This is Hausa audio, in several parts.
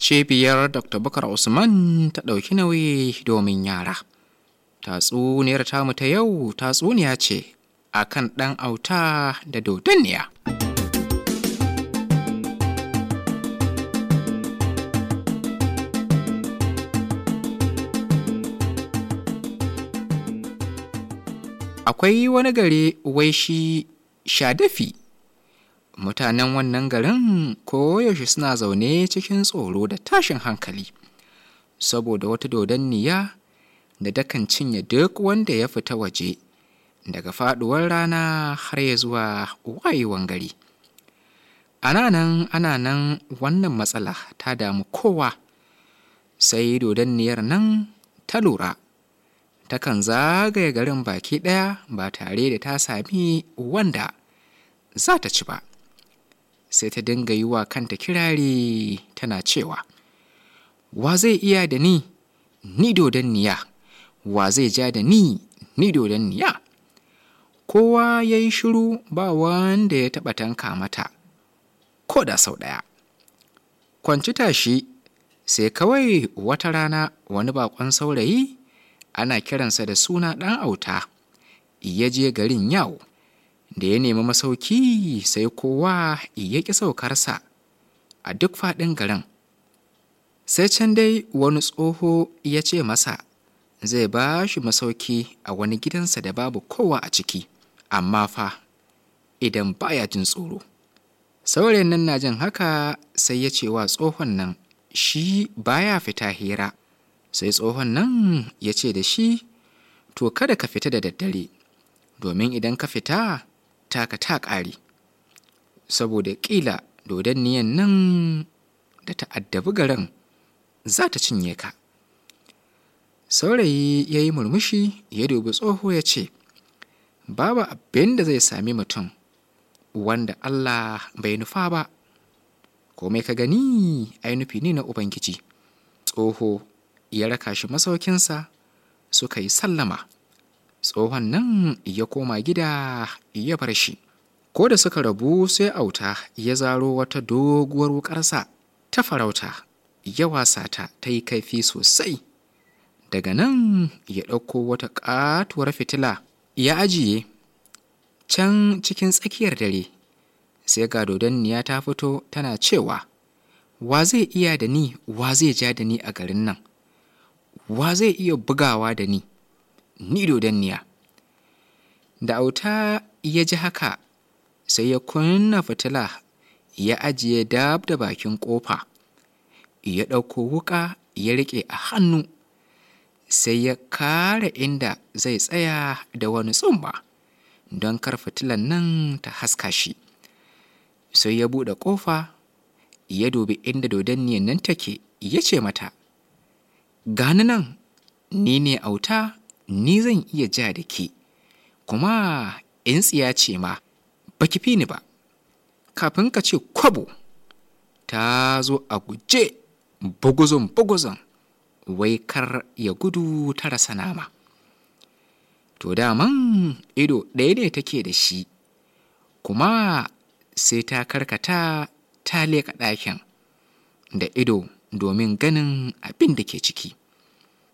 cibiyar dr bakar usman ta ɗauki nauyi domin yara tatsuniyar tamu ta yau tatsuniya ce akan ɗan auta da dodonniya akwai wani gari wai shi shadafi mutanen wannan garin koyaushe suna zaune cikin tsoro da tashin hankali saboda wata dodanniya da dakan cinye duk wanda ya fita waje daga faduwar rana har ya zuwa wayewan gari ana nan wannan matsala ta damu kowa sai dodanniyar nan ta lura takan zagaye garin baki ɗaya ba tare da ta sami wanda za ta ci ba sai ta dinga yi wa kanta kirari tana cewa wa zai iya da ni ni dodon niya wa zai ja da ni ni dodon niya kowa ya yi shiru ba wanda ya taɓa tanka mata ko da sau ɗaya kwanci tashi sai kawai wata rana wani bakon saurayi ana kiransa da suna ɗan auta ya je garin yawo da ya nemi masauki sai kowa ya ƙi saukarsa a duk faɗin garin sai can dai wani tsoho ya ce masa zai ba shi masauki a wani gidansa da babu kowa a ciki amma fa idan baya jin tsoro saurayin nan na jin haka sai ya ce wa tsohon nan shi baya fita hira sai tsohon nan ya ce da shi to kada ka fita da daddare domin idan ka fita taka ta ƙari saboda ƙila niyan nan da ta'addabi garin za ta cinye ka saurayi ya yi murmushi ya dubi tsoho ya ce babu abin da zai sami mutum wanda allah bai nufa ba komai ka gani ainufi nufi ne na ubangiji tsoho ya raka shi masaukinsa suka yi sallama tsohon nan ya koma gida ya bar shi ko da suka rabu sai auta ya zaro wata doguwar wukarsa ta farauta ya wasa ta ta yi kaifi sosai daga nan ya ɗauko wata ƙatuwar fitila ya ajiye can cikin tsakiyar dare sai ga dodonniya ta fito tana cewa wa zai iya da ni wa zai ja da ni a garin nan wa zai iya bugawa da ni Ni niya da auta ya ji haka sai ya kunna fitila ya ajiye dab da bakin ƙofa ya ɗauko wuƙa ya riƙe a hannu sai ya kare inda zai tsaya da wani tsumba don kar fitilan nan ta haska shi sai ya buɗe ƙofa ya dubi inda niyan nan take ya ce mata gani nan ni ne auta ni zan iya ja da ke kuma in tsiya ce ma ba ki fi ni ba kafin ka ce kwabo ta zo a guje buguzon buguzon wai kar ya gudu ta rasa nama to daman ido ɗaya ne take da shi kuma sai ta karkata ta leƙa ɗakin da ido domin ganin abin da ke ciki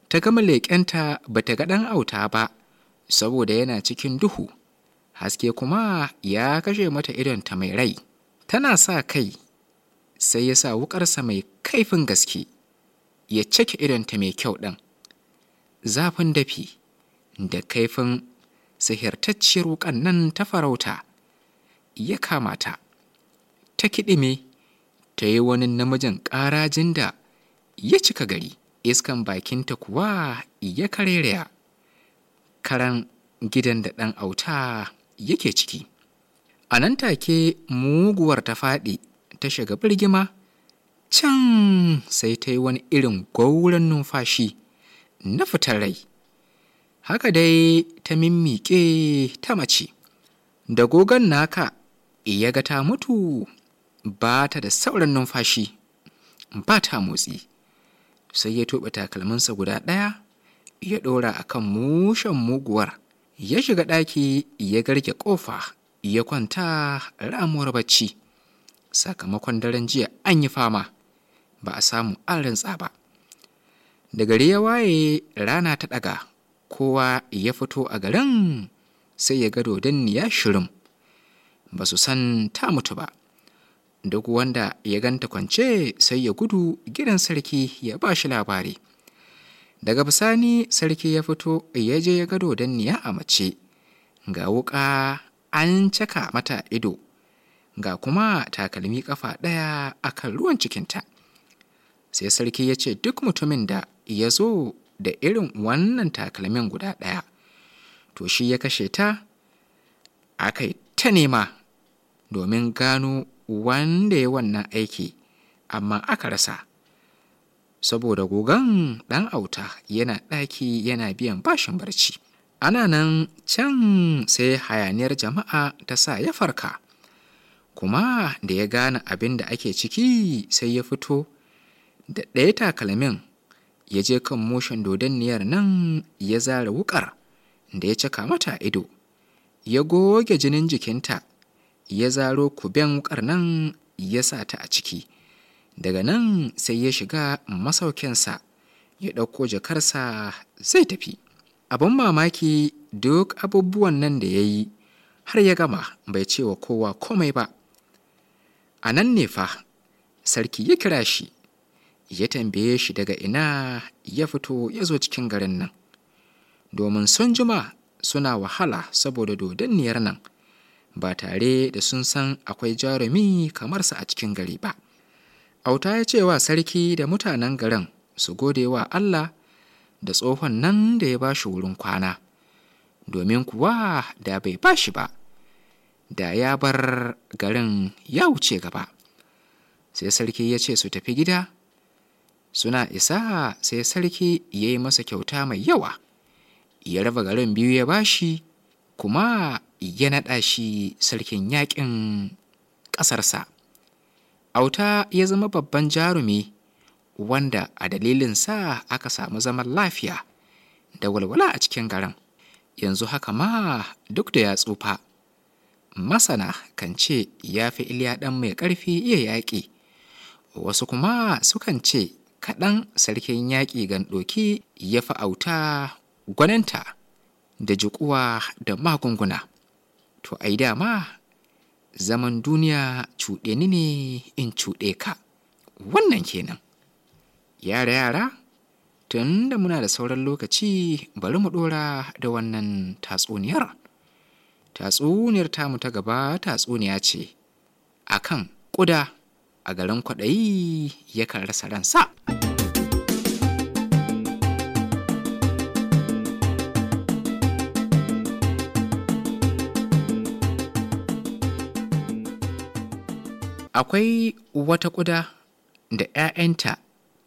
ta gama leƙenta ba ta ga ɗan auta ba saboda yana cikin duhu haske kuma ya kashe mata idonta mai rai tana sa kai sai ya sa wukarsa mai kaifin gaske ya cike idonta mai kyau ɗin zafin dafi da kaifin sihirtacciyar wukan nan ta farauta ya kamata ta kiɗime ta yi wani namijin ƙarajin da ya cika gari iskan bakinta kuwa ya karerya karan gidan da ɗan auta yake ciki a nan take muguwar ta faɗi ta shiga birgima can sai ta yi wani irin gwauran numfashi na fitar rai haka dai ta mimmiƙe ta mace da gogon naka ya ga ta mutu ba ta da sauran numfashi ba ta motsi sai ya tuɓe takalminsa guda ɗaya ya ɗora a kan mushen muguwar ya shiga ɗaki ya garge ƙofa ya kwanta ramuwar bacci sakamakon daren jiya an yi fama ba a samu an rintsa ba da gari ya waye rana ta ɗaga kowa ya fito a garin sai ya gado don ya shirin ba su san ta mutu ba duk wanda ya ganta kwance sai ya gudu gidan sarki ya ba shi labari daga bisani sarki ya fito ya je ya gado danniya a mace ga wuka an caka mata ido ga kuma takalmi kafa ɗaya a kan ruwan cikinta sai sarki ya ce duk mutumin da ya zo da irin wannan takalmin guda ɗaya to shi ya kashe ta aka ta nema domin gano wanda ya wannan aiki amma aka rasa saboda gogan ɗan auta yana ɗaki yana biyan bashin barci ana nan can sai hayaniyar jama'a ta sa ya farka kuma da ya gane abin da ake ciki sai ya fito da ɗaya takalmin ya je kan moshin dodanniyar nan ya zara wukar da ya cika mata ido ya goge jinin jikinta ya zaro kuben wukar nan ya sa ta a ciki daga nan sai ya shiga masaukinsa ya ɗauko jakarsa zai tafi abin mamaki duk abubuwan nan da ya yi har ya gama bai ce wa kowa komai ba a nan ne fa sarki ya kira shi ya tambaye shi daga ina ya fito ya zo cikin garin nan domin sun jima suna wahala saboda dodanniyar nan ba tare da sun san akwai jarumi kamar su a cikin gari ba auta ya ce wa sarki da mutanen garin su gode wa allah da tsohon nan da ya ba shi wurin kwana domin kuwa da bai ba shi ba da ya bar garin ya wuce gaba sai sarki ya ce su tafi gida suna isa sai sarki ya yi masa kyauta mai yawa ya raba garin biyu ya ba shi. kuma ya naɗa shi sarkin yaƙin ƙasarsa auta ya zama babban jarumi wanda a dalilin sa aka samu zaman lafiya da walwala a cikin garin yanzu haka ma duk da ya tsufa masana kan ce ya fi iliya ɗan mai ƙarfi iya yaƙi wasu kuma sukan ce kaɗan sarkin yaƙi gandoki ya fi auta gwaninta da jikuwa da magunguna to ai dama zaman duniya cuɗe ni ne in cuɗe ka wannan kenan yara yara tun da muna da sauran lokaci bari mu ɗora da wannan tatsuniyar tatsuniyar tamu ta gaba tatsuniya ce akan ƙuda a garin kwaɗayi yakan rasa ransa akwai wata ƙuda da 'ya'yanta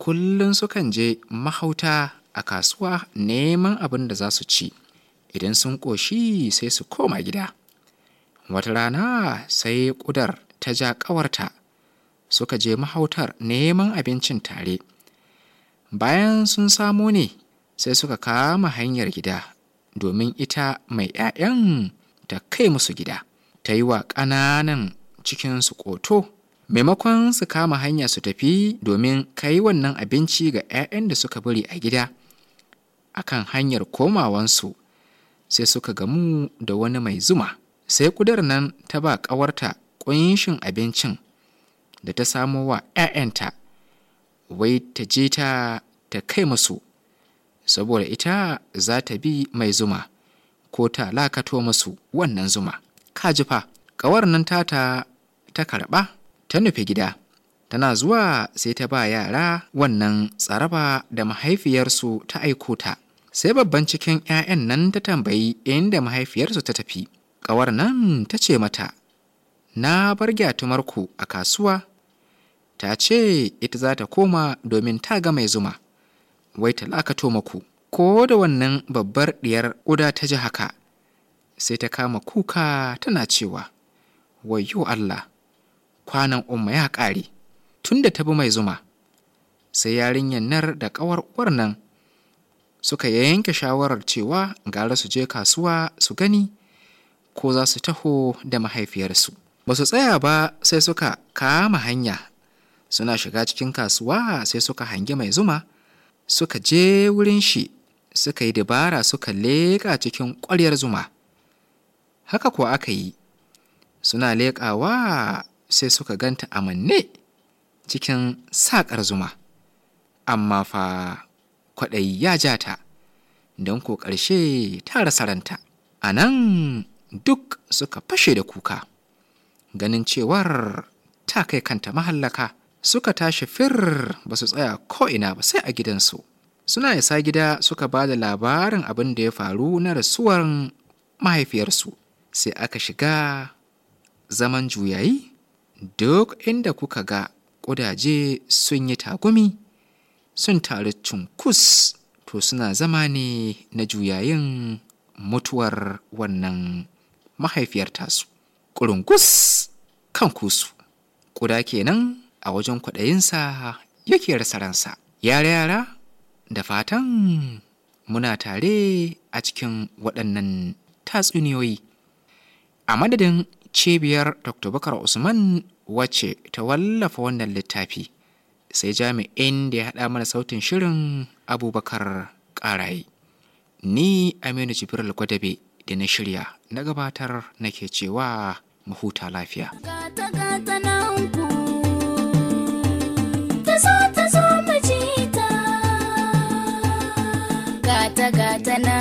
kullum sukan je mahauta a kasuwa neman abin da za su ci idan sun ƙoshi sai su koma gida wata rana sai ƙudar ta ja ƙawarta suka je mahautar neman abincin tare bayan sun samo ne sai suka kama hanyar gida domin ita mai 'ya'yan ta kai musu gida ta yi wa ƙananan cikinsu ƙoto maimakon su kama hanya su tafi domin kai wannan abinci ga 'ya'yan da suka bari a gida akan hanyar komawansu sai suka gamu da wani mai zuma sai kudar nan ta ba ƙawarta ƙunshin abincin da ta samo wa 'ya'yanta wai ta je ta ta kai musu saboda ita za ta bi mai zuma ko ta lakato musu wannan zuma kaji fa ƙawar nan ta ta karɓa ta nufi gida tana zuwa sai ta ba yara wannan tsaraba da mahaifiyarsu ta aiko ta sai babban cikin 'ya'yan nan ta tambayi inda mahaifiyarsu ta tafi ƙawar nan ta ce mata na bar gyatumarku a kasuwa ta ce ita za ta koma domin ta ga mai zuma wai ta lakato maku ko da wannan babbar ɗiyar ƙuda ta ji haka sai ta kama kuka tana cewa wayyo allah kwanan umma ya ƙare tunda ta bi mai zuma sai yarinyar nar da ƙawar uwar nan suka yanke shawarar cewa gara su je kasuwa su gani ko za su taho da mahaifiyarsu ba su tsaya ba sai suka kama hanya suna shiga cikin kasuwa sai suka hangi mai zuma suka je wurin shi suka yi dabara suka leƙa cikin ƙwaryar zuma haka ko aka yi suna leƙawa sai suka ganta a manne cikin saƙar zuma amma fa kwaɗayi ya ja ta don ko ƙarshe ta rasa a nan duk suka fashe da kuka ganin cewar ta kai kanta mahallaka suka tashi fir ba su tsaya ko'ina ba sai a gidansu suna isa gida suka ba da labarin abin da ya faru na rasuwar mahaifiyarsu sai aka shiga zaman juyayi duk inda kuka ga ƙudaje sun yi tagumi sun taru cunkus to suna zama ne na juyayin mutuwar wannan mahaifiyar tasu ƙurungus kan kusu ƙuda kenan a wajen kwaɗayinsa yake rasa ransa yare yara da fatan muna tare a cikin waɗannan tatsuniyoyi a madadin cibiyar dr bakar usman wacce ta wallafa wannan littafi sai jami'in da ya haɗa mana sautin shirin abubakar ƙarayi ni aminu jibril gwadabe da na shirya na gabatar nake cewa mahuta lafiya gata gata na